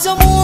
mas eu morro.